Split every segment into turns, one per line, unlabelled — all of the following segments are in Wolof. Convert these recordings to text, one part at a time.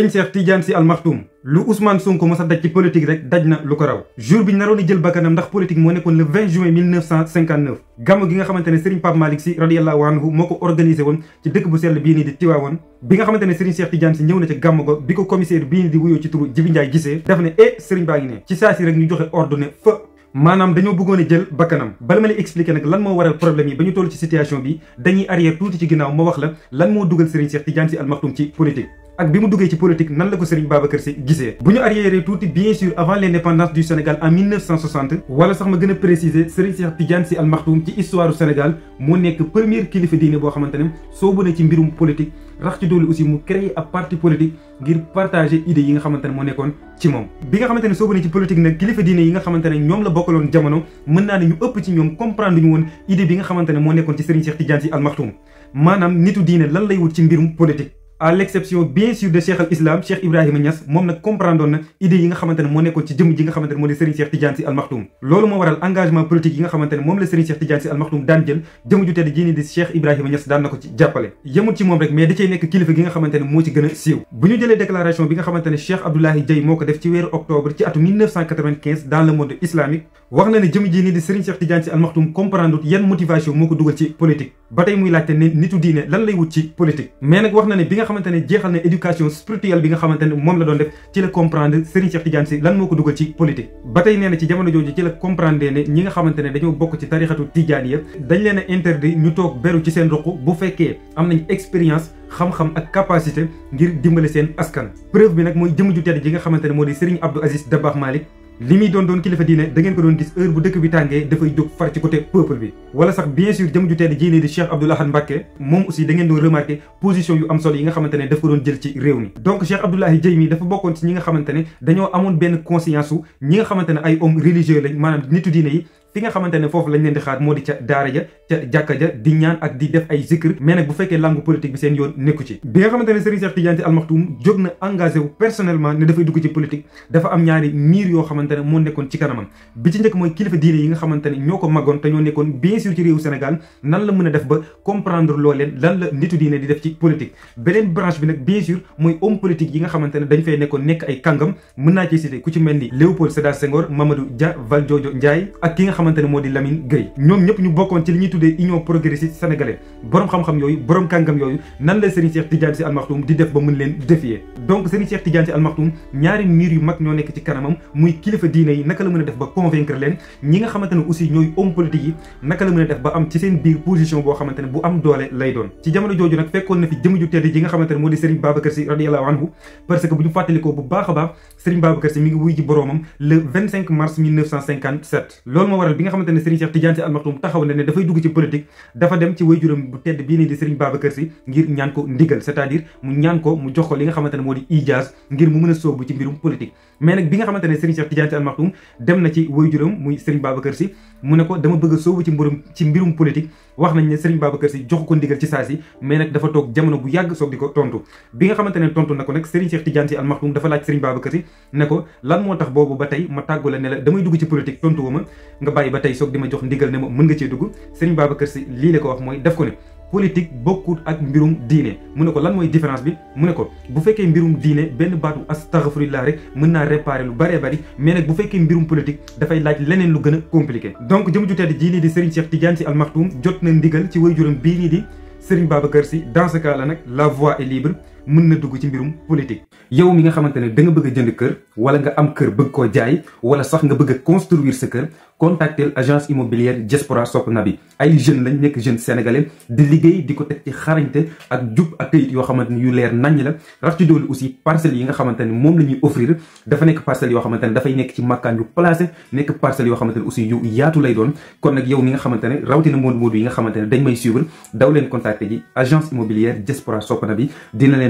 Serigne Cheikh Tidiane Sy Al Maktoum lu Ousmane Sonko commence à daj ci politique rek daj na lu ko raw jour bi ñu naroon a jël bakkanam ndax politique mo nekkoon le 20 juin 1959 gamu gi nga xamantene Serigne Pape Malick Sy radiyallahu anhu moko organiser organisé ci dëkk bu sel bi ni di Tiwaawoon bi nga xamantene Serigne Cheikh Tidiane Sy ñew na ci gamu go biko commissaire bi ni di wuyoo ci turu Jibi Ndiaye gisee daf ne eh Serigne baa ne ci sasi rek ñu joxe ordonné fa manam dañu bëggone a jël bakkanam bala lay expliquer nak lan mo waral problème yi bañu tollu ci situation bi dañuy arrière tuuti ci ginnaaw ma wax la lan mo duggal Serigne Cheikh Tidiane Sy Al Maktoum ci politique ak bi mu duggee ci politique nan la ko Serigne Babacar Sy gisee bu ñu arriéré tuuti bien sûr avant l'indépendance du Sénégal en 1960 wala sax ma gën a préciser Serigne Cheikh Tidiane Sy ci histoire du Sénégal moo nekk premier kilifa diine boo xamante ne soobu na ci mbirum politique rax ci doole aussi mu créé ab parti politique ngir partager idées yi nga xamante ne moo nekkoon ci moom bi nga xamante ne soobu na ci politique nag kilifa diine yi nga xamante ne ñoom la bokkaloon jamono mën naa ne ñu ëpp ci nga xamante ne moo nekkoon ci Serigne Cheikh Tidiane Sy Al Maktoum à l'exception bien sûr de cheikh al islam cheikh Ibrahima Niass moom nag comprendre na idée yi nga xamante ne moo nekkoon ci jëmm ji nga xamante ne moo moom la Serigne Cheikh Tidiane Sy Al Maktoum daan jël jëmm ju tedd ji nii di cheikh Ibrahima Niass daan na ko ci jàppale yemul ci moom rek mais da nekk kilifa gi nga xamante moo ci gën a siiw bu ñu jëlee déclaration bi nga xamante ne cheikh Abdoulaye Dieye moo ko def ci weeru octobre ci atu 1995 dans monde islamique ba tey muy laajte ne nitu diine lan lay wut ci politique mais nag wax na ne bi nga xamante ne jeexal na éducation spirituelle bi nga xamante ne moom la doon def ci la comprendre Serigne Cheikh Tidiane Sy lan moo ko dugal ci politique ba tey ci jamono jooju ci la comprendre ne ñi nga xamante ne dañoo bokk ci tarixatu Tidiane yëpp dañ leen a interdit ñu toog beru ci seen ruq bu fekkee am nañ expérience xam-xam ak capacité ngir dimbale seen askan preuve bi nag mooy jëm ju tedd ji xamante ne moo di Serigne Abdou Aziz Dabakh li muy doon doon kilifa diine da ngeen ko doon gis heure bu dëkk bi tàngee dafay jóg far ci côté peuple bi wala sax bien sûr jëm ju tedd di Cheikh Abdoul Ahad Mbacké moom aussi da doon remarqué position yu am solo yi nga xamante ne daf ko doon jël ci réew mi donc Cheikh Abdoulaye Dièye mi dafa bokkoon ci ñi nga xamante ne dañoo amoon benn conscience ñi nga xamante ne ay homme religieux lañ maanaam nit diine yi fi nga xamante ne foofu lañ leen di xaar moo di ca daara ja ca jàkka ja di ñaan ak di def ay zikr mais nag bu fekkee langue politique bi seen yoon nekku ci ne Serigne Cheikh Tidiane Sy Al Maktoum jóg na engagé wu ne dafay dugg ci politique dafa am ñaari miir yoo xamante ne moo nekkoon ci kanamam bi ci njëkk mooy kilifa diine yi nga xamante ne ñoo ko maggoon te ñoo nekkoon bien sûr ci réewu Sénégal nan mën a def ba comprendre loo leen nitu diine di def ci politique beneen branche bi nag bien sûr mooy homme politique yi nga xamante ne dañ nekkoon nekk ay kàngam mën naa ci cité xamante moo di Lamine Gueye ñoom ñëpp ñu bokkoon ci li ñuy tuddee union progressiste sénégalaise borom xam-xam yooyu borom kàngam yooyu nan la Serigne Cheikh Tidiane Sy Al di def ba mën leen défier donc Serigne Cheikh Tidiane Sy Al ñaari mur yu mag ñoo nekk ci kanamam muy kilifa diine yi naka la mën a def ba convaincre leen ñi nga xamante aussi ñooy homme politique yi naka la mën a def ba am ci seen biir position boo xamante bu am doole lay doon ci jamono keroog bi nga xamante ne Serigne Cheikh Tidiane Sy Al Maktoum taxaw na ne dafay dugg ci politique dafa dem ci waajuram bu tedd bii nii di Serigne Babacar Sy ngir ñaan ko ndigal c'est-à-dire mu ñaan ko mu jox ko li nga xamante ne moo di ijaas ngir mu mën a sóobu ci mbirum politique mais nag bi nga xamante ne Serigne Cheikh Tidiane Sy Al Maktoum dem na ci waajuram muy Serigne Babacar Sy mu ne ko dama bëgg a sóobu ci mbirum ci mbirum politique wax nañ ne Serigne Babacar Sy jox ko ndigal ci saa si mais nag dafa toog jamono bu yàgg soog di ko tontu bi nga xamante ne tontu na ko nag Serigne Cheikh Tidiane Sy Al Maktoum dafa laaj Serigne Babacar Sy ne ko lan moo tax boobu ba tey ma tàggu la ne la damay dugg ci politique tontu wuma nga bàyyi ba tey soog di ma jox ndigal ne ma mën nga cee dugg Serigne Babacar Sy lii la ko wax mooy def ko ne politique bokkut ak mbirum diine mu ne ko lan mooy différence bi mu ne ko bu fekkee mbirum diine benn baatu astaghfirullah rek mën naa réparer lu bëree bëri mais nag bu fekkee mbirum politique dafay laaj leneen lu gën a compliqué. donc jëm ju tedd jii nii di Serigne Cheikh Tidiane Sy Al Maktoum jot na ndigal ci waajuram bii nii di Serigne Babacar Sy dans ce cas là nag la voie est mën na dugg ci mbirum politique yow mi nga xamante ne da nga bëgg jënd kër wala nga am kër bëgg koo jaay wala sax nga bëgg a sa kër contactel agence immobilière diaspora sopp na bi ay jeunes lañ nekk jeune sénégalais di liggéey di ko teg ci xarañte ak jub ak kayit yoo xamante ni yu leer naññ la rax ci doolu aussi parcelles xamante ne moom la ñuy offrir dafa nekk parcelles yoo xamante ne nekk ci makkaan yu placé nekk parcelles yaatu lay doon kon nag yow nga xamante ne rawatina moodu moodu yi nga xamante ne dañ may suivre daw leen contacter ji agence bi dina leen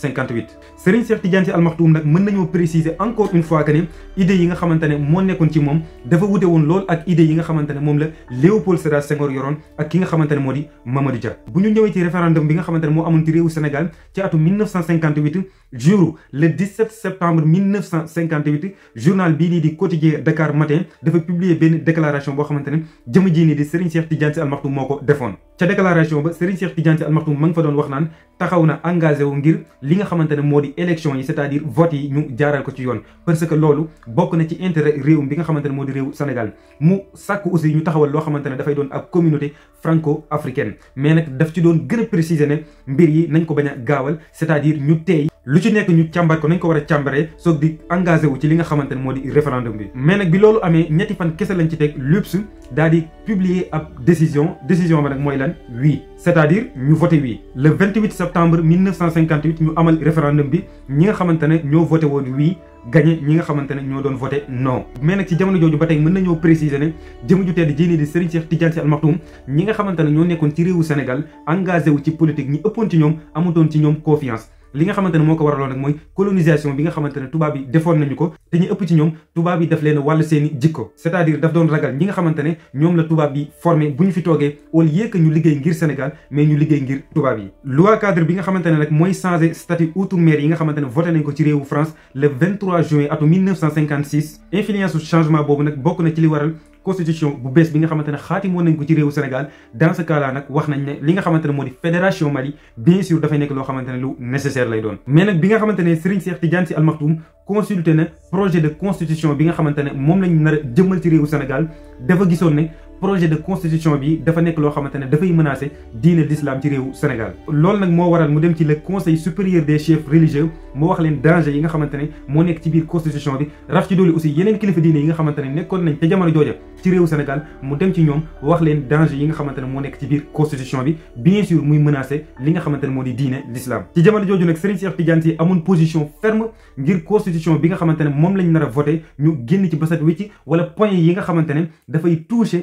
58 Serigne Cheikh Tidiane Sy nak meun nañu préciser encore une fois que ne idée yi nga xamante mo moo ci mom dafa wute won lool ak idée yi nga xamante mom la Léopold Sédar Senghor yoron ak ki nga xamante modi Mamadou Dia bu ñu ñëwee ci référendum bi nga xamante mo amon amoon ci réewu Sénégal ci atum 1958 jour le 17 septembre 1958 journal bi nii di quotidien Dakar Matin dafa publier ben déclaration bo xamante jëm ji nii di Serigne Cheikh Tidiane Sy moko Maktoum ci déclaration ba Serigne Cheikh Tidiane Sy Al fa doon wax naan taxaw na engagé wu ngir li nga xamante ne moo di élection yi cest à vote yi ñu jaaral ko ci yoon parce que loolu bokk na ci intérêt réewum bi nga xamante ne moo di réew Sénégal mu sàkk aussi ñu taxawal loo xamante ne dafay doon ab communauté franco-africaine mais nak daf ci préciser mbir yi nañ ko c'est-à-dire ñu téy lu ci nekk ñu càmbar ko nañ ko di engagé li nga référendum mais nak bi nous amé ñetti fan kessé lañ ci lups publier décision décision ba oui c'est-à-dire ñu voté oui le 28 septembre 1958 ñu amal référendum bi ñi nga voté oui gagné ñi nga xamante ne ñoo doon voté no mais nag ci jamono jooju ba tey mën nañoo préciser ne jëm ju tedd jénee di Serigne Cheikh Tidiane Sy Al ñi nga xamante ne ñoo nekkoon ci réewu Sénégal engagé wu ci politique ñi ëppoon ci ñoom amutoon ci ñoom confiance li nga xamantene moko waral ko waraloon nag colonisation bi nga xamantene ne bi yi nañu ko te ñi ëpp ci ñom tubaab bi daf leen wàll seeni jikko c'est-à-dire daf doon ragal ñi nga xamantene ñom la tubaab bi formé bu fi toogee au lieu que ñu liggéey ngir Sénégal mais ñu liggéey ngir tubaab bi loi cadre bi nga xamantene ne moy changer statut outre-mer yi nga xamantene voté nañ ko ci réewu France le 23 juin atum 1956 influence changement bobu nak bokku na ci li waral constitution bu bes bi nga xamantene ne xaatimoon nañ ko ci rew Sénégal dans ce cas là nak wax nañ ne li nga xamantene modi fédération Mali bien sûr da fay nek lo xamantene lu nécessaire lay doon mais nak bi nga xamantene Serigne Cheikh Tidiane Sy Al Maktoum consulté na projet de constitution bi nga xamantene mom lañ na a jëmmal ci rew Sénégal dafa gissone ne projet de constitution bi dafa nek lo xamante ne dafay menacer diine d'islam ci réew Sénégal lool nak mo waral mu dem ci le conseil supérieur des chefs religieux mo wax leen danger yi nga xamante mo nek ci biir constitution bi raf ci doli aussi yeneen kilifa diine yi nga xamante nekkon nañ te jamono ci réew Sénégal mu dem ci ñom wax leen danger yi nga xamante mo nek ci biir constitution bi bien sûr muy menacer li nga xamante modi moo di diine l'islam ci jamono jojju nak Serigne Cheikh Tidiane ci amoon position ferme ngir constitution bi nga xamante mom lañ nar voter ñu génn ci wi ci wala point yi nga xamante da fay toucher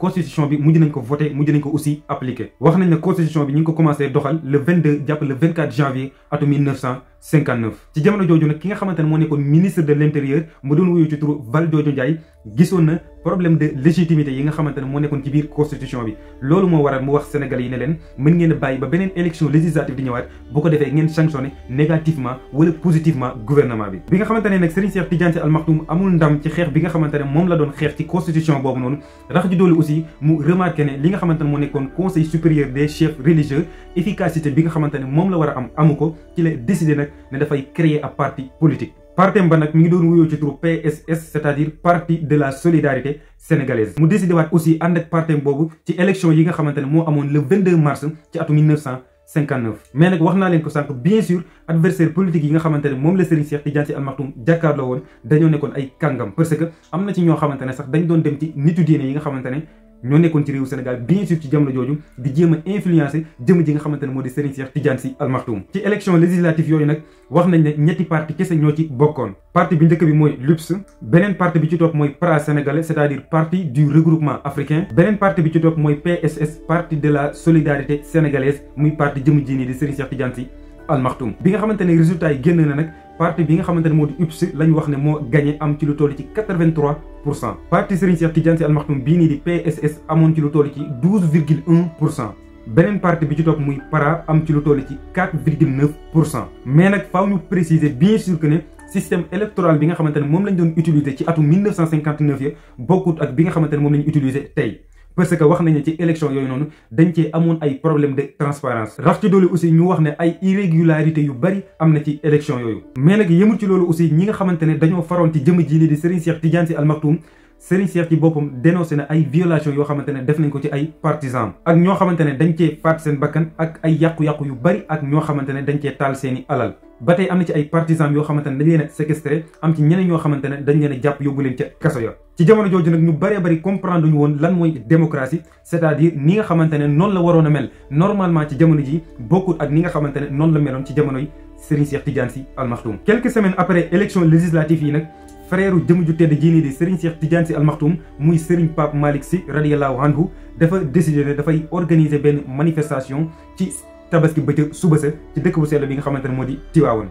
constitution bi mujj nañ ko voter mujj nañ ko aussi appliquer wax nañ ne constitution bi ñu ngi ko commencé doxal le 22 japp le 24 janvier atum 1959 ci jamono jooju nak ki nga xamante mo moo nekkoon ministre de l'intérieur intérieur mu doon wuyu ci turu Valdiodio Ndiaye gisoon na problème de légitimité yi nga xamante mo moo nekkoon ci biir constitution bi lolu mo waral mu wax Sénégal yi ne len mën ngeen baye ba benen élection législative di ñëwaat bu ko défé ngeen sanctionner négativement wala positivement gouvernement bi bi nga xamante nak Serigne Cheikh Tidiane Sy Al Maktoum amul ndam ci xex bi nga xamante mom la doon xex ci constitution bobu non rax ju doolu aussi mu remarqué ne li nga xamante mo moo conseil supérieur des chefs religieux efficacité bi nga xamante mom la wara am amuko ci la décidé nag ne fay créer un parti politique. partem ba nak mi ngi doon wuyoo ci turu PSS c'est-à-dire parti de la solidarité sénégalaise mu décider wat aussi and ak partem bobu ci élection yi nga xamante mo amone le 22 mars ci atum 1900. 59 mais nak waxna len ko sank bien sûr adversaire politique yi nga xamantene mom la Serigne Cheikh Tidiane Sy Al Maktoum jàkkaarloo woon dañu nekkoon ay kangam parce que amna ci ño xamantene sax dañ doon dem ci nitu diine yi nga xamantene ñoo nekkoon ci réewu Sénégal bien sûr ci jamono jooju di jéem a influencer jëm ji nga xamante ne moo di Serigne Cheikh Tidiane Sy Al Maktoum ci élection législative yooyu nag wax nañ ne ñetti parti kese ñoo ci bokkoon parti bi njëkk bi mooy LUPS beneen parti bi ci topp mooy PRA sénégalais c'est-à-dire parti du regroupement africain beneen parti bi ci topp mooy PSS parti de la solidarité sénégalaise muy parti jëm ji nii di Serigne Cheikh Tidiane Sy Al Maktoum bi nga xamante ne résultat yi génn na nag parti bi nga xamante ne moo di UPS lañ wax ne moo gagné am ci lu toll ci 83 pour parti Serigne Cheikh Tidiane Sy Al Maktoum di PSS amon ci lu toll ci 12,1%. Benen parti bi ci top muy PARA am ci lu toll ci 4,9%. mais nak faaw ñu préciser bien sûr que ne système électoral bi nga xamante mom lañ doon utiliser ci atum 1959 ya bokkut ak bi nga xamante mom lañ utiliser tay parce que wax nañ ci élection yoy noonu dañ ci amone ay problème de transparence rax ci doole aussi ñu wax né ay irrégularité yu bari amna ci élection yooyu mais nak yëmul ci lolu aussi ñi nga xamante ne dañoo faroon ci jëm ji li di Serigne Cheikh Tidiane Sy Al Maktoum Serigne Cheikh ci boppam dénoncé na ay violation yoo xamante def nañ ko ci ay partisans ak ño xamante dañ ci fat seen bakkan ak ay yàqu-yàqu yu bari ak ño xamante dañ ci tal seeni alal batay amna ci ay partisans yo xamante dañ leen a am ci ñeneen ñoo xamante dañ leen japp jàpp yóbbu leen ca kaso ya ci jamono jooju nak ñu bari bari comprendre ñu won lan moy démocratie c'est-à-dire ni nga xamante non la warona mel normalement ci jamono ji bokkul ak ni nga xamante non noonu la meloon ci jamono yi Serigne Cheikh Tidiane Sy Al Maktoum quelques semaines après élection législative yi nak frère jëm ju tedd jini di Serigne Cheikh Tidiane Sy Al Maktoum muy Serigne Pape malik Sy radiyallahu anhu dafa décidé ne dafay organiser ben manifestation ci tabaski bëccëg suba sa ci dëkk bu sell bi nga xamante ne moo di Tiwaawoon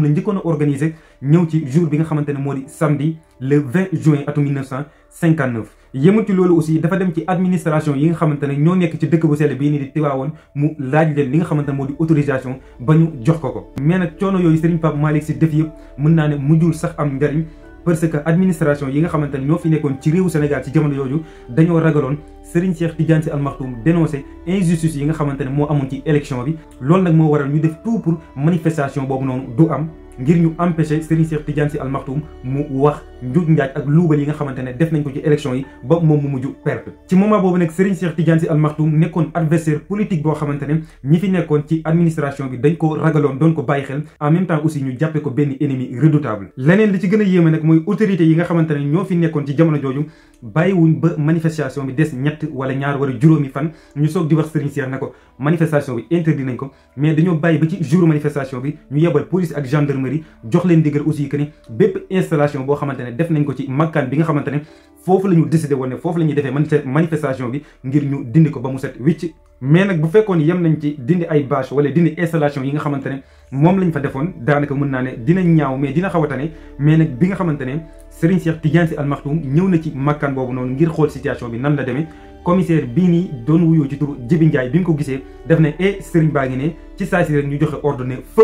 lu la njëkkoon a organisé ñëw ci jour bi nga xamante ne moo di samedi le 20 juin atum 1959. yemul ci loolu aussi dafa dem ci administration yi nga xamante ne ñoo nekk ci dëkk bu sell bii nii di Tiwaawoon mu laaj leen li nga xamante moo di autorisation ba jox ko ko. mais nag coono yooyu Serigne Pape Malick Sy def yëpp mën naa ne mujjul sax am njariñ parce que administration yi nga xamante ne ñoo fi nekkoon ci réewu Sénégal ci jamono yooyu dañoo ragaloon. Serigne Cheikh Tidiane Sy Al Maktoum dénoncé injustice yi nga xamantene mo amon ci élection bi lool nak mo waral ñu def tout pour manifestation bobu noonu du am ngir ñu empêcher Serigne Cheikh Tidiane Sy Al Maktoum mu wax njuuj njaaj ak luubal yi nga xamantene def nañ ko ci élection yi ba mom mu muju perte ci moment bobu nak Serigne Cheikh Tidiane Sy Al Maktoum nekkoon adversaire politique bo xamantene ñi fi nekkoon ci administration bi dañ ko ragalon don ko bàyyi xel en même temps aussi ñu jappé ko benn ennemi redoutable leneen li ci gëna yéme nak moy autorité yi nga xamantene ño fi nekkoon ci jamono jojum bàyyiwuñ ba manifestation bi des ñett wala ñaar wala juróomi fan ñu soog di wax Serigne Cheikh ne ko manifestation bi interdit ko mais dañoo bàyyi ba ci jour manifestation bi ñu yebal police ak gendarmerie jox leen digal aussi que ni bépp installation boo xamante ne def nañ ko ci makkaan bi nga xamante ne foofu la ñu décidé woon foofu la ñuy defee manifestation bi ngir ñu dindi ko ba mu set wicc mais nag bu fekkoon yem nañ ci dindi ay bâche wala dindi installation yi nga xamante ne moom lañ fa defoon daanaka mën naa ne dina ñaaw mais dina xaw a tane mais nag bi nga xamante ne Serigne Cheikh Tidiane Sy ñëw na ci makkaan boobu noonu ngir xool situation bi nan la demee commissaire bii nii doon wuyoo ci turu Jibi bi nga ko gisee def ne e Serigne baa ngi ne ci saa si rek ñu joxe ordonné fa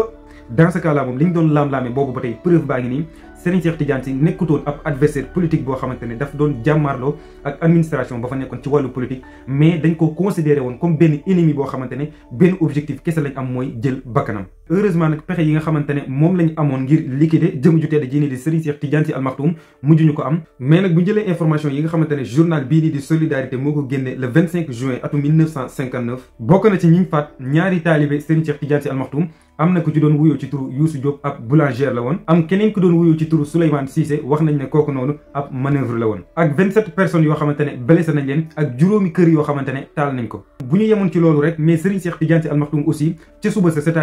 dans ce cas là moom li ñu doon laam-laame boobu ba tey preuve baa ngi nii Serigne Cheikh Tidiane Sy nekkutoon ab adversaire politique boo xamante ne daf doon jàmmaarloo ak administration ba fa nekkoon ci wàllu politique mais dañ ko considéré woon comme benn ennemi boo xamante ne benn objectif kese lañ am mooy jël bakkanam heureusement nag pexe yi nga xamante ne moom lañ amoon ngir liquider jëm ju tedd ji nii di Serigne Cheikh Tidiane Sy Al Maktoum mujj ko am mais nag bu ñu jëlee information yi nga xamante ne journal bii nii di solidarité moo ko génne le 25 juin atum 1959 bokk na ci ñi faat ñaari taalibe Serigne Cheikh Tidiane Sy Al Maktoum am na ku ci doon wuyoo ci turu Youssou Diop ab boulangère la woon am keneen ku doon wuyoo ci turu Souleymane Cissé wax nañ ne kooku noonu ab manœuvre la woon ak 27 personnes yoo xamante ne blessé nañ leen ak juróomi kër yoo xamante ne taal nañ ko bu ñu yemoon ci loolu rek mais Serigne Cheikh Tidiane Sy Al Maktoum aussi ca suba sa cest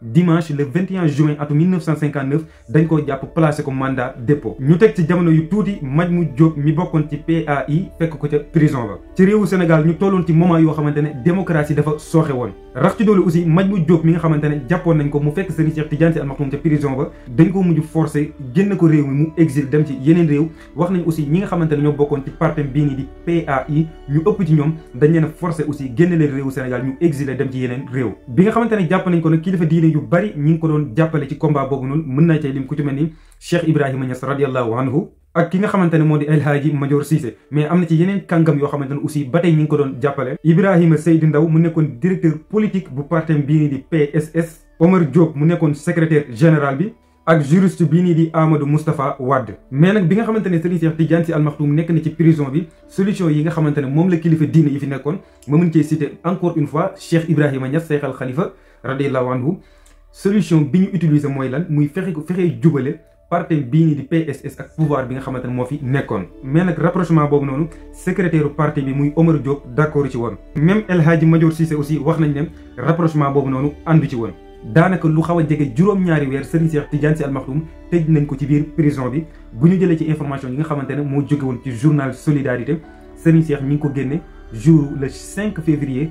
dimanche le 21 juin atum 1959 dañ ko jàpp placé ko mandat dépôt ñu tek ci jamono yu tuuti majmu Diop mi bokkoon ci PAI fekk ko ci prison ba ci réewu Sénégal ñu tollon ci moment yo xamantene démocratie dafa soxé won rax ci doolu aussi majmu Diop mi nga xamantene jappon nañ ko mu fekk Serigne Cheikh Tidiane ci Al Maktoum ca prison ba dañ ko mujj forcer génn ko réew mi mu exil dem ci yeneen réew wax nañ aussi ñi nga xamantene ñoo bokkoon ci parti bi nii di PAI ñu ëpp ci ñom dañ leen forcer aussi génn leen réewu Sénégal ñu exilé dem ci yeneen réew bi nga xamantene japp nañ ko nag kilifa diine diine yu bari ñi ngi ko doon jàppale ci combat boobu noonu mën naa cay lim ku ci mel ni Cheikh Ibrahima Niass anhu ak ki nga xamante ne moo di Major Cissé mais am na ci yeneen kàngam yoo xamante ne aussi ba ko doon jàppale Ibrahima Seydou Ndaw mu nekkoon directeur politique bu partem bii nii di PSS Omar Diop mu nekkoon secrétaire général bi ak juriste bii nii di Amadou Moustapha Wade mais na ci nga xamante ne moom la kilifa diine yi solution bi ñu utiliser moy lan muy fexe ko fexe parti bi ni di PSS ak pouvoir bi nga xamante mo fi nekkoon. mais nak rapprochement bobu noonu secrétaire parti bi muy Omar Diop d'accord ci won même El Hadji Major Cissé aussi wax nañ ne rapprochement bobu noonu àndu ci won danaka lu xawa a jege ñaari weer Serigne Cheikh Tidiane Sy Al Maktoum tëj nañ ko ci bir prison bi bu ñu ci information yi nga xamante mo moo won ci journal solidarité Serigne Cheikh mi ngi ko génne jour le 5 février.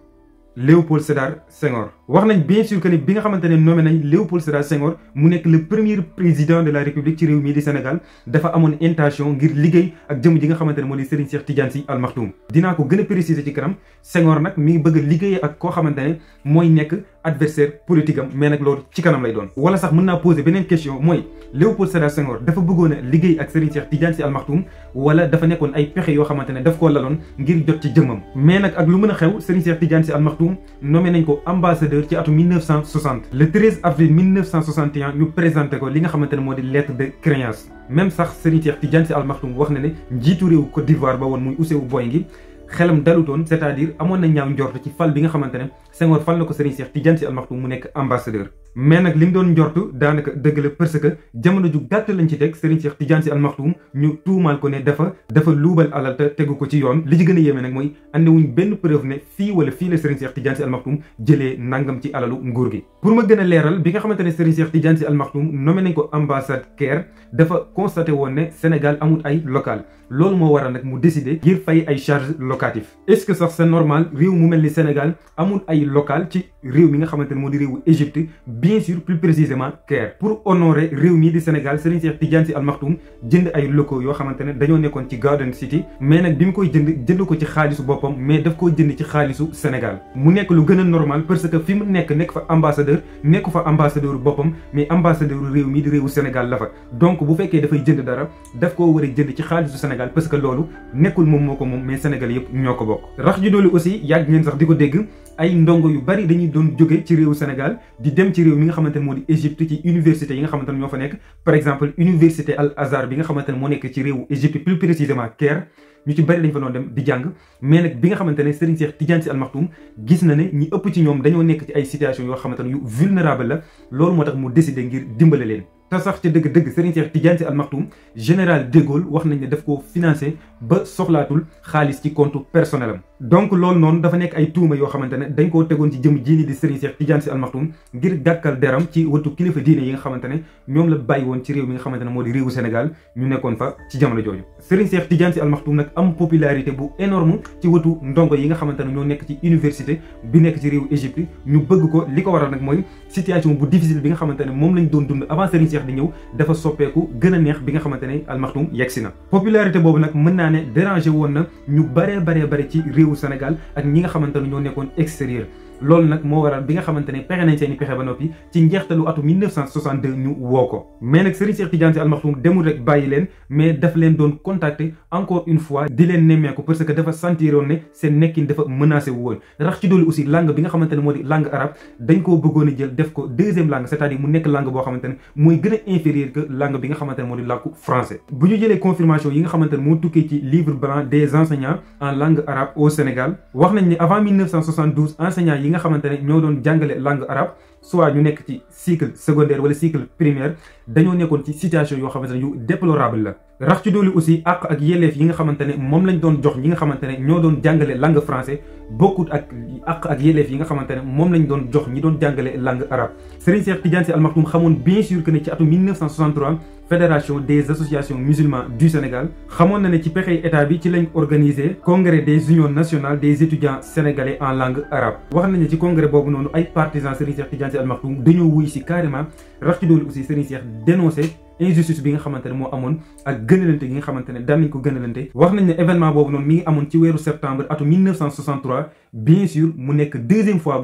Léopold Sédar Senghor wax bien sûr que ni bi nga xamante nommé nañ Léopold Sédar Senghor mu nekk le premier président de la république du réew mii Sénégal dafa amoon intention ngir liggéey ak jëm ji nga xamante ne Serigne Cheikh Tidiane Sy Al Maktoum ko gën a préciser ci kanam Senghor nak mi ngi bëgg a liggéey ak koo xamante ne mooy adversaire politique mais nak loolu ci kanam lay doon wala sax mën naa poser benen question moy Léopold Sédar Senghor dafa bëggone liggéey ak Serigne Cheikh Tidiane Sy Al Maktoum wala dafa nekkone ay pexe yo xamantene ne daf koo laloon ngir jot ci jëmmam mais nak ak lu mëna a xew Serigne Cheikh Tidiane Sy Al Maktoum nommé nañ ko ambassadeur ci atum 1960 le 13 avril 1961 ñu présenté ko li nga xamantene modi lettre de créance même sax Serigne Cheikh Tidiane Sy Al Maktoum wax na né njiitu réew Côte d'Ivoire ba won muy Houssouin Boingué xelam dalu doon c'est-à-dire amone na ñaaw njort ci fal bi nga xamantene Senghor fal nako Serigne Cheikh Tidiane ci Al Maktoum mu nek ambassadeur mais nak lim doon njort danaka deug la parce que jamono ju gàtt lañ ci tek Serigne Cheikh Tidiane ci Al Maktoum ñu tuumaal ko ne dafa dafa loubal alal te teggu ko ci yoon li ci gëna yéme nak moy andi wuñ benn preuve ne fi wala fi la Serigne Cheikh Tidiane ci Al Maktoum jëlee nangam ci alalu nguur gi pour ma gëna léral bi nga xamantene Serigne Cheikh Tidiane ci Al Maktoum nommé nañ ko ambassade Caire dafa constaté won ne Sénégal amul ay local loolu mo waral nak mu décider ngir fay ay charges locatives est-ce que sax c'est normal rew mu mel ni Sénégal amul ay local ci rew mi nga xamantene ne rew Égypte bien sûr plus précisément Caire pour honorer rew mi di Sénégal Serigne Cheikh Tidiane Sy Al Maktoum jënd ay locaux yo xamantene ne dañoo ci Garden City mais nak bi koy jënd jënd ko ci xaalisu bopam mais daf ko jënd ci xaalisu Sénégal mu nekk lu gëna normal parce que fi mu nekk nekk fa ambassadeur nekk fa ambassadeur bopam mais ambassadeur rew mi di réewu Sénégal la fa donc bu da fay jënd dara daf ko war jënd ci xaalisu Sénégal Sénégal parce que loolu nekkul moom moo ko mais Sénégal yépp ñoko bok rax ju doli aussi yag ngeen sax diko dégg ay ndongo yu bari dañuy doon joggé ci réew Sénégal di dem ci réew mi nga xamante modi Égypte ci université yi nga xamante ño fa nek par exemple université Al Azhar bi nga xamante mo nek ci réew Égypte plus précisément Caire ñu ci bari lañ fa doon dem di jang mais nak bi nga xamante Serigne Cheikh Tidiane Sy Al Maktoum gis na né ñi ëpp ci ñom dañoo nek ci ay situation yoo xamante yu vulnérable la loolu motax mu décider ngir dimbale leen تصاحت دك دك سرنتي اختيجانتي المقتوم جينيرال ديغول وحنا ندفكو فينانسي ba soxlaatul xaalis ci compte personnel donc loolu non dafa nek ay touma yo xamantene dañ ko teggon ci jëm jini di Serigne Cheikh Tidiane ci Al Maktoum ngir gàkkal deram ci wattu kilifa diine yi nga xamantene ñom la bàyyi won ci rew mi nga xamantene modi moo Sénégal ñu nekkon fa ci jamono joju Serigne Cheikh Tidiane ci Al Maktoum nak am popularité bu énorme ci wattu ndongo yi nga xamantene ne ñoo nekk ci université bi nekk ci rew Égypte ñu bëgg ko liko waral nak moy situation bu difficile bi nga xamantene mom lañ doon dund avant Serigne Cheikh di ñëw dafa soppeku gëna neex bi nga xamantene Al Maktoum yegsi popularité bobu nak mëna ne dérangé woon na ñu baree bare bare ci réewu Sénégal ak ñi nga xamante ne ñoo nekkoon extérieur loolu nak mo waral bi nga xamantene ne nañ seen i ba nopi ci njeextalu atu 1962 ñu woko mais nak Serigne Cheikh Tidiane Sy Al Maktoum demul rek bàyyi leen mais daf leen doon contacter encore une fois di leen nemmeeku parce que dafa sentiroon ne seen nekkin dafa menacer wu woon rax ci doolu aussi langue bi nga xamantene modi langue arabe dañ ko bëggone a jël def ko deuxième langue c'est-à-dire mu nekk langue bo xamantene moy mooy inférieur que langue bi nga xamantene modi langue français bu ñu jëlee confirmation yi nga xamantene mo tuké ci livre blanc des enseignants en langue arabe au Sénégal wax nañ ni avant 1972 enseignants nga xamantene ñoo doon jàngale langue arabe soit ñu nekk ci cycle secondaire wala cycle primaire dañoo nekkoon ci situation yoo xamante ne yu déplorable la rax ci aussi ak ak yelleef yi nga xamante mom lañ doon jox yi nga xamante ñoo doon jàngale langue français beaucoup ak ak ak yelleef yi nga xamante mom lañ doon jox ñi doon jàngale langue arabe Serigne Cheikh Tidiane Sy Al Maktoum xamoon bien sûr que ne ci atum 1963 fédération des associations musulmanes du Sénégal xamoon na ne ci pexey état bi ci lañ organisé congrès des unions nationales des étudiants sénégalais en langue arabe wax ne ci congrès boobu noonu ay partisans Serigne Cheikh Tidiane Sy Al Maktoum dañoo wuy si carrément rax ci aussi Serigne Cheikh dénoncé injustice bi nga xamantene moo ak gënalante gi nga ko gënalante wax nañ ne événement mi ci septembre 1963 bien sûr mu nekk deuxième fois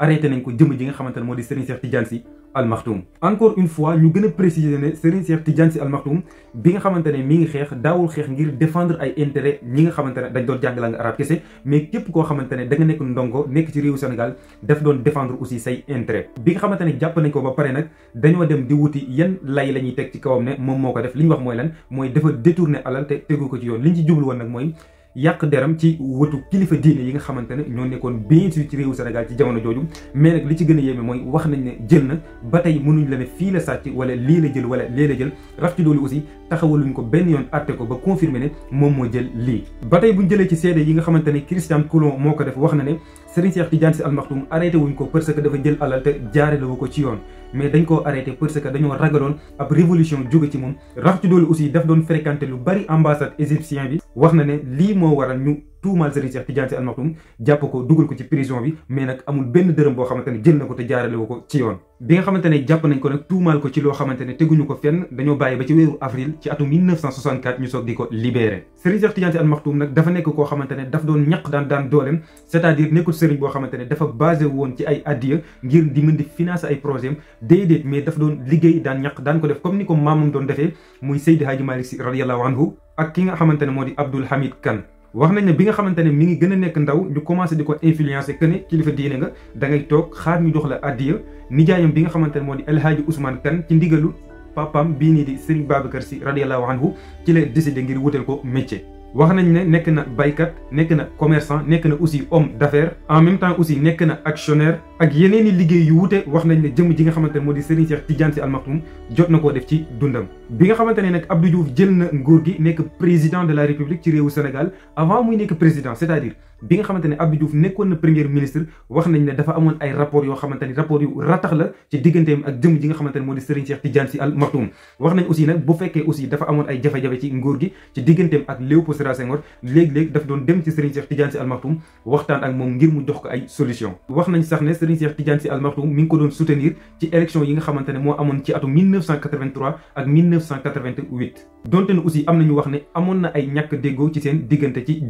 arrêté nañ ko jëm ji nga xamante ne moo di Serigne Cheikh Tidiane Sy Al Maktoum encore une fois ñu gën a préciser ne Serigne Cheikh Tidiane Sy Al Maktoum bi nga xamante ne mi ngi xeex daawul xeex ngir défendre ay intérêt ñi nga xamante ne dañ doon jàng langue arabe kese mais képp koo xamante ne da nga nekk ndongo nekk ci réewu Sénégal daf doon défendre aussi say intérêt bi nga xamante ne jàpp nañ ko ba pare nag dañoo dem di wuti yan lay la ñuy teg ci kawam ne moom moo ko def li ñu wax mooy lan mooy dafa détourner alal te tegu ko ci yoon li ñu ci jublu woon nag mooy yàq deram ci wëtu kilifa diine yi nga xamante ne ñoo nekkoon bien sûr ci réew Sénégal ci jamono jooju mais nag li ci gën a yéeme mooy wax nañ ne jël na ba tey mënuñ la ne fii la sàcc wala lii la jël wala lii la jël raf ci loolu aussi taxawaluñ ko benn yoon atte ko ba confirmer ne moom moo jël lii ba tey buñ jëlee ci seede yi nga xamante ne Christian Coulon moo ko def wax na ne Serigne Cheikh Tidiane Sy Al Maktoum arrêté wuñ ko parce que dafa jël alal te jaarale ko ci yoon mais dañ koo arrêté parce que dañoo ragaloon ab révolution jóge ci moom rax ci doolu aussi daf doon fréquenté lu bari ambassade égyptien bi wax na ne lii moo waral ñu tuumaal Serigne Cheikh Tidiane Sy Al Maktoum jàpp ko dugal ko ci prison bi mais nag amul benn dërëm boo xamante jël na ko te jaarale wu ko ci yoon bi nga xamante ne jàpp nañ ko nag tuumaal ko ci loo xamante ne teguñu ko fenn dañoo bàyyi ba ci weeru avril ci atum 1964 ñu soog ko libéré Serigne Cheikh Tidiane Sy dafa nekk koo xamante ne daf doon ñaq daan dooleem c'est-à-dire boo xamante dafa basé woon ci ay addiya ngir di mën di ay projet am déedéet mais daf daan ñaq daan ko def comme ni ko maamam doon ne moo di Abdoul Hamid wax nañ ne bi nga xamante ne mi ngi gën a nekk ndaw ñu commencé di ko influencer que ne kilifa diine nga da ngay toog xaar ñu jox la addiya nijaayam bi nga xamante ne moo di El Hadji Ousmane ci ndigalu papam bii nii di Serigne Babacar Sy radiyallahu anhu ci la décidé ngir wutal ko métier. wax nañ ne nekk na baykat nekk na commerçant nekk na aussi homme d'affaires en même temps aussi nekk na actionnaire ak yeneen i liggéey yu wute wax nañ ne jëm ji nga xamante ne moo di Serigne Cheikh Tidiane Sy Al Maktoum koo def ci dundam. bi nga xamantene nak Abdou Diouf jël na nguur gi nek président de la république ci réewu Sénégal avant muy nek président c'est-à-dire bi nga xamantene Abdou Diouf nekkoon na premier ministre wax nañ ne dafa amone ay rapport yo xamantene rapport yu ratax la ci digganteem ak jëm ji nga xamantene ne moo Serigne Cheikh Tidiane Sy Al Maktoum wax nañ aussi nak bu fekkee aussi dafa amone ay jafe-jafe ci nguur gi ci digganteem ak Léopold Sédar Senghor lég lég daf doon dem ci Serigne Cheikh Tidiane Sy Al Maktoum waxtaan ak mom ngir mu dox ko ay solution wax nañ sax ne Serigne Cheikh Tidiane Sy Al Maktoum mi ngi ko doon soutenir ci élection yi nga xamantene mo amone ci atum 1983 ak 1988 donte ne aussi am nañu wax ne amoon na ay ñàkk déggoo ci ci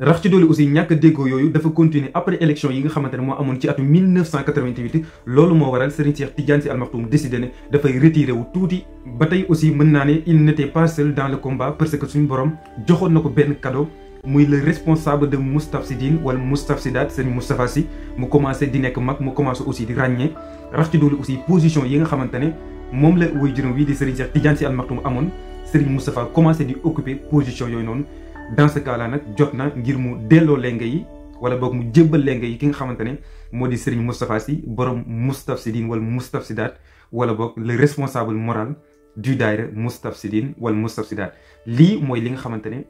rax ci aussi ñàkk déggoo yooyu dafa continuer après élection yi nga xamante ne moo ci atum 1988 lolu mo waral Serigne Cheikh Tidiane Sy Al Maktoum décidé ne dafay retiré wu touti batay aussi mën naa il n'était pas seul dans le combat parce que suñu borom joxoon nako ben cadeau muy le responsable de Sidine wala Moustaphidaat Serigne Moustapha Sy mu commencé di nek mak mu commencé aussi di ragné rax ci doole aussi position yi nga mom la woy jurum wi di Serigne Cheikh Tidiane Sy Al Maktoum amone Serigne Moustapha commencé di occuper position yoy non dans ce cas là nak jotna ngir mu delo lengay yi wala bok mu jébbal lengay yi ki nga xamantene modi Serigne Moustapha Sy borom Moustaphidiin wala Moustaphidaat wala bok le responsable moral du daayira Moustaphidiin wala Moustaphidaat li moy li nga xamantene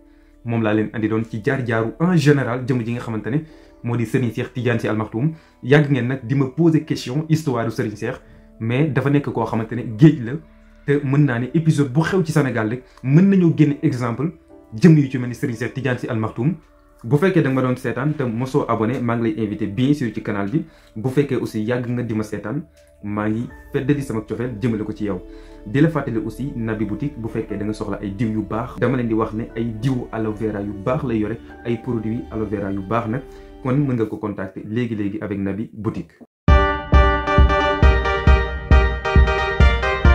mom la len andi don ci jaar-jaaru en général jëm ji nga xamantene modi Serigne Cheikh Tidiane Sy Al Maktoum yag ngeen nak di ma poser question histoire du Serigne Cheikh. mais dafa nekk koo xamante ne géej la te mën naa ne épisode bu xew ci Sénégal rek mën nañoo génne exemple jëm yu ci mel ni Serigne Cheikh Tidiane Sy bu fekkee da nga ma doon seetaan te mosoo abonné maa ngi lay invité bien sûr ci canal bi bu fekkee aussi yàgg nga di ma seetaan maa ngi feddali sama cofeel jëmale ko ci yow di la fàttali aussi Naby Boutique bu fekkee danga soxla ay diw yu baax dama leen di wax ne ay diwu aloe vera yu baax lay yore ay produits aloe vera baax nag kon mën nga ko contacter léegi-léegi avec Naby Boutique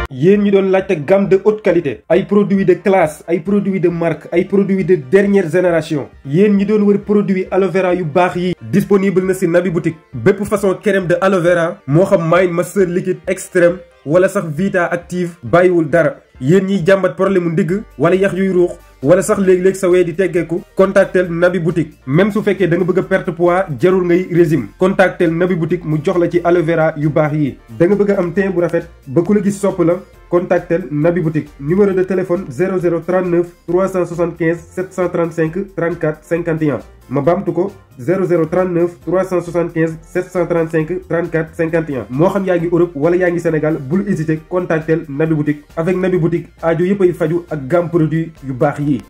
yéen ñi doon la gamme de haute qualité ay produits de classe ay produits de marque ay produits de dernière génération yéen ñi doon wër produit aloe vera yu baax yi disponible na ci nabi Boutique bépp façon crème de aloe vera moo xam mine master liquide extrême wala sax vita active Bayoul dara yéen ñiy jàmbat problème ndigg wala yax yuy ruux wala sax léeg sa di contactel Nabi Boutique même su fekkee da nga bëgg perte poids jarul ngay régime contactel Nabi Boutique mu jox la ci aloe vera yu da nga bëgg am contactel Nabi Boutique numéro de téléphone 0039 375 735 34 51 ma Touko 0039 375 735 34 51 Moham Yagi Europe wala yaa Sénégal, Sénégal bul hésitez contactel Nabi Boutique avec Nabi Boutique aajo y faire faju ak gamme produit yu